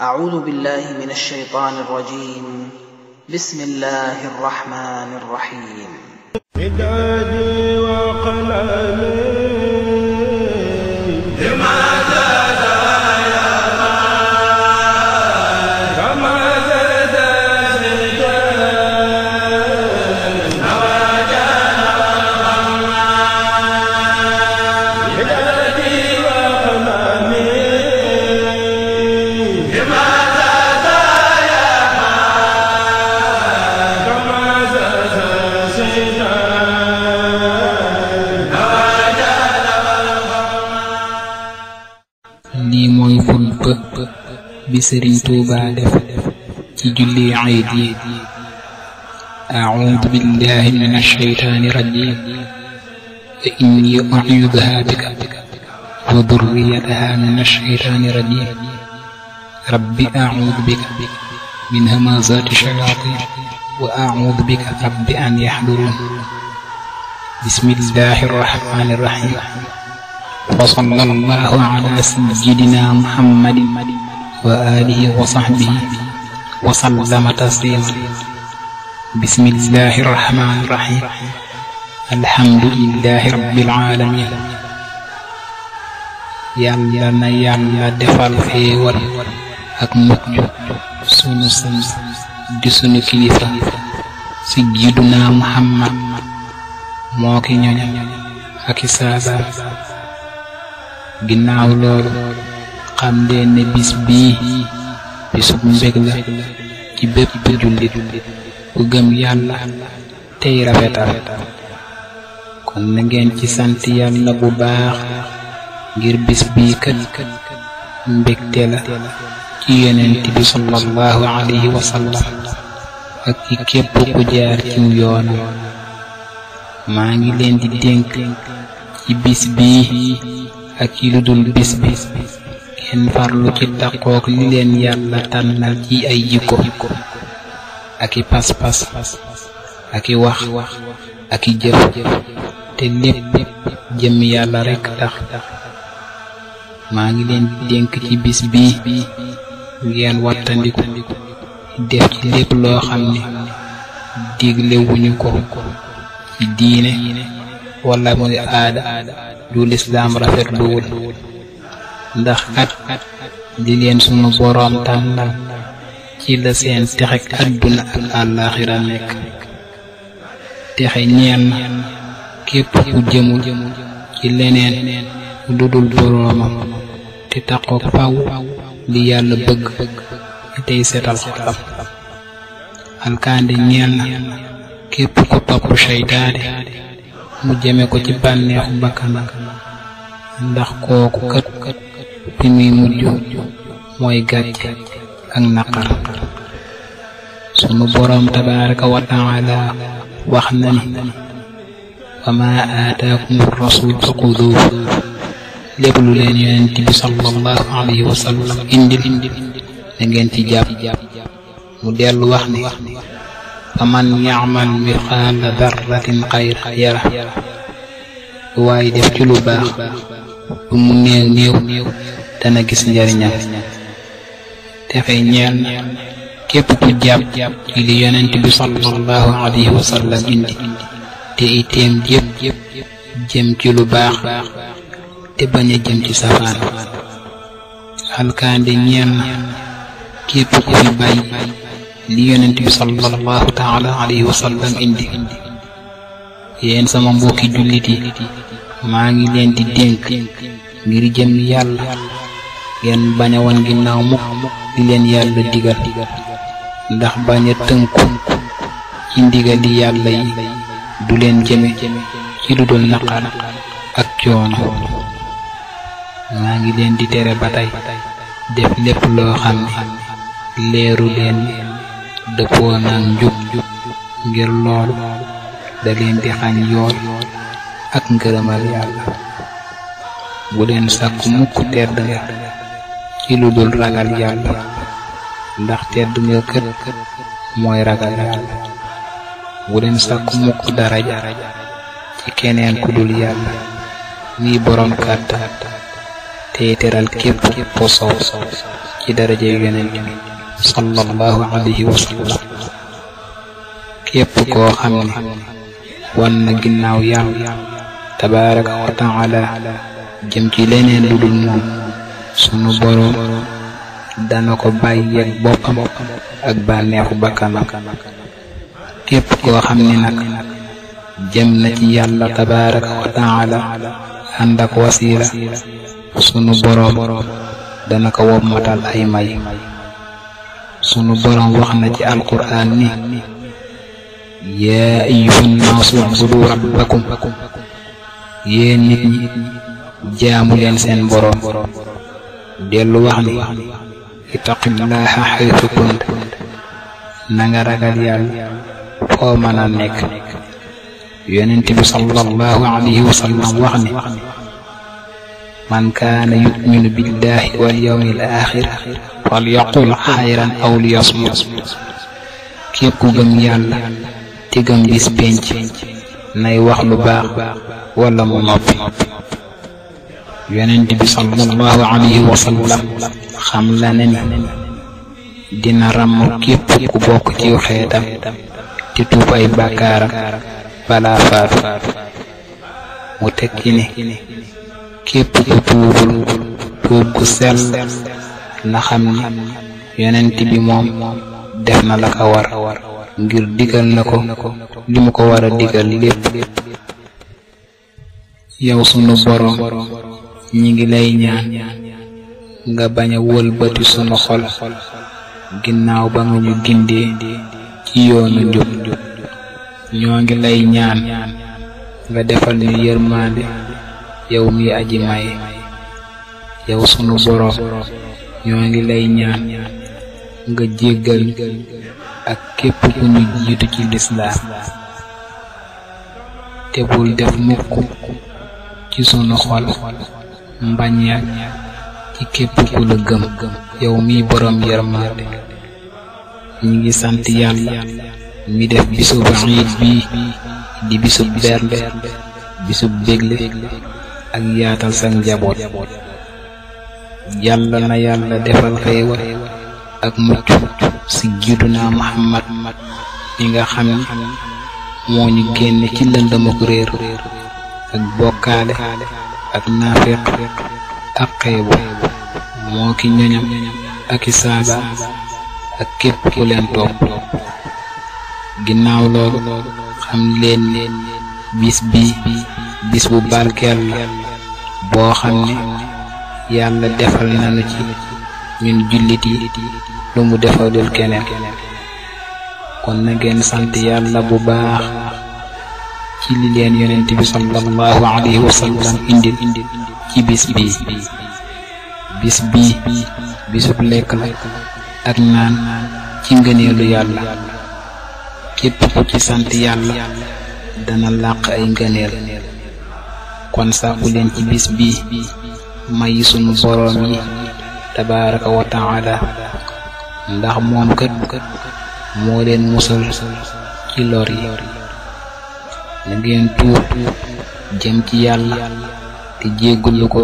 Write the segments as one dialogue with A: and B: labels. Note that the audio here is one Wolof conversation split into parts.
A: أعوذ بالله من الشيطان الرجيم بسم الله الرحمن الرحيم بدعتي وقلمي bi sëriñ tuuba def ci julli ayit yi أعوذ بالله من الشيطان الرجيم فإني أعيذها بك وذريتها من الشيطان الرجيم رب أعوذ بك من همزات الشياطين وأعوذ بك رب أن يحضرون بسم الله الرحمن الرحيم وصلى الله على سيدنا محمد wa aalihi wa saxbihi wa sallama tasliiman bismillaahi rahmaani rahiim alhamdulillaahi rabbil aalamiin yàlla na yàlla defal xéewal ak mucc sunu sëñ di sunu kilifa sayyiduna Muhammad moo ki ñoñ ak i saaba ginnaaw loolu xam leen ne bis bii bisub mbég la ci bépp jullit bu gëm yàlla tey rafetal kon na ngeen ci sant yàlla bu baax ngir bis bii kat mbégte la ci yonent bi sallallahu alayhi wa sallam ak ci képp ku jaar ci yoonu maa ngi leen di dénk ci bis bii ak ci lu dul bis bi ngeen farlu ci taqoog li leen yàlla tànnal ci ay jikko ak i pas-pas ak i wax ak i jëf te lépp jëm yàlla rekk tax maa ngi leen di dénk ci bis bii ngeen wattandiku def ci lépp loo xam ne digle wuñu ko ci diine wala muy aada du lislaam rafetluwul ndax at di leen sunu boroom tànnal ci la seen texek àdduna ak àllaaxira nekk texe ñeen képp ku jëmul ci leneen lu dul boroomam te taqoog faw li yàlla bëgg te tey setal xolam alkaande ñeen képp ku topp seytaane mu jëme ko ci bànneexu bakkanam ndax kooku kët fi muy mujj mooy gàcce ak naqar sunu boroom tabaaraka wa taala wax na ni wa maa aataakum rasul fa xuduuhu lépp lu leen yonent alayhi wa sallam indil da ngeen ci jàpp mu dellu wax ni fa man yacmal mithqaala darratin xayra yara waaye def ci lu baax bu mu néew néew dana gis njariñam dafay ñeel képp ku jàpp ci li yonent bi sallallahu alayhi wa sallam indi te iteem yépp jëm ci lu baax te bañ a jëm ci safaan alkaande ñeel na képp ku fi bàyyi li yonent bi sallallahu taala alayhi wa sallam indi yéen sama mbokki jullit yi maa ngi leen di dénk ngir jëm yàlla ngeen bañ a wan ginnaaw mukk di leen yàlla digal ndax bañ a tënku ci ndigali yàlla yi du leen jëme ci lu dul naqar ak coono maa ngi leen di tere ba tey def lépp loo xam ne leeru leen dëppoo naan njub ngir loolu da leen di xañ yoon ak ngërëmal yàlla bu leen sàkk mukk tedd nga ci lu dul ragal yàlla ndax tedd nga kët mooy ragal yàlla bu leen sàkku mukk daraja ci keneen ku dul yàlla muy boroom kàttan tey teral képp posow ci daraja yonent bi sallallahu alayhi wa képp koo xam ne wan na ginnaaw yàlla tabaaraka wa taala jëm ci leneen lu dul moom sunu boroom dana ko bàyyi ak boppam ak bànneexu bakkanam képp koo xam ni nag jëm na ci yàlla tabaaraka wa taala ànd ak sunu boroom dana ko wommatal ay may sunu boroom wax na ci alquraan ni yaa ayyuhan naasu ubudu rabbakum yéen nit ñi jaamu leen seen boroom dellu wax ni ittaqillaaha xaytu kunt na nga ragal yàlla foo mën a nekk yonent sallallahu alayhi wa wax ni man kaana yuminu billahi wal yawmil axir fal yaqul xayran aw liyasmut képp ku gëm yàlla te gëm bis nay wax lu baax wala mu noppi yonent bi sallallahu alayhi wa sallam xam la ne dina ràmm képp ku bokk ci xeetam te tuub ay bàkkaaram balaa faatu mu tekki ne képp ku tuub gu sell na xam ni yonent bi moom def na la ko war ngir digal na ko li mu ko war a digal lépp yow sunu boroom ñi ngi lay ñaan nga bañ a wëlbati sunu xol ginnaaw ba nga ñu gindee ci yoonu njub ñoo ngi lay ñaan nga defal ñu yërmaande yow mi aji may yow sunu boroom ñoo ngi lay ñaan nga jéggal ak képp ku ñu jiitu ci lislaam te bul def mukk ci sunu xol mbañ ci képp ku la gëm yow mi boroom yërmande ñi ngi sant yàlla mi def bisub iid bi di bisub bernde bisub ak yaatal sa njaboot yàlla na yàlla defal xéewal ak mucc si juduna Muhammad ñi nga xam ni moo ñu génn ci lëndëm ak réer ak bokkaale ak naafeq ak xeebu moo ki ñoñam ak i saaba ak képp ku leen topp ginnaaw loolu xam leen bis bii bis bu barkeel la boo xam ne yàlla defal nañu ci ñun jullit yi lu mu defalul keneen kon na sant yàlla bu baax ci li leen yonent bi sallallahu alayhi wa sallam indil ci bis bii bis bii bisub lekk la ak naan ci ngëneelu yàlla képp ku ci sant yàlla dana làq ay ngëneel kon sàkku leen ci bis bii may sunu boroom yi tabaaraka wa taala ndax moom kat moo leen musal ci lor na ngeen tuub jëm ci yàlla te jéggalu ko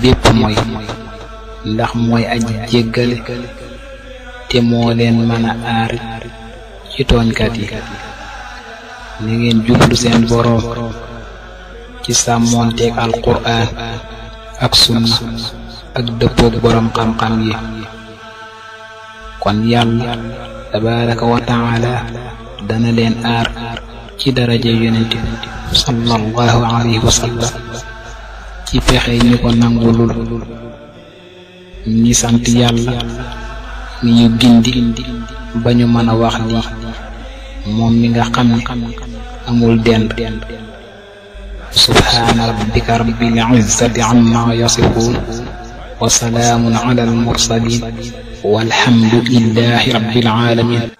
A: bépp mooy ndax mooy aji jéggale te moo leen mën a aar ci tooñkat yi na ngeen jublu seen boroom ci sàmmoonteeg alquraan ak sunna ak dëppoog boroom xam-xam yi kon yàlla tabaaraka wa taala dana leen aar ci daraje yonent sallallahu alayhi wa sallam ci pexe ñi ko nangulul ñi sant yàlla mi ñu gindi ba ñu mën a wax lii moom mi nga xam ni amul dend subhaana rabbika rabbil izzati amma yasifuun wa salaamun ala al mursalin walhamdu lillahi rabbil alamin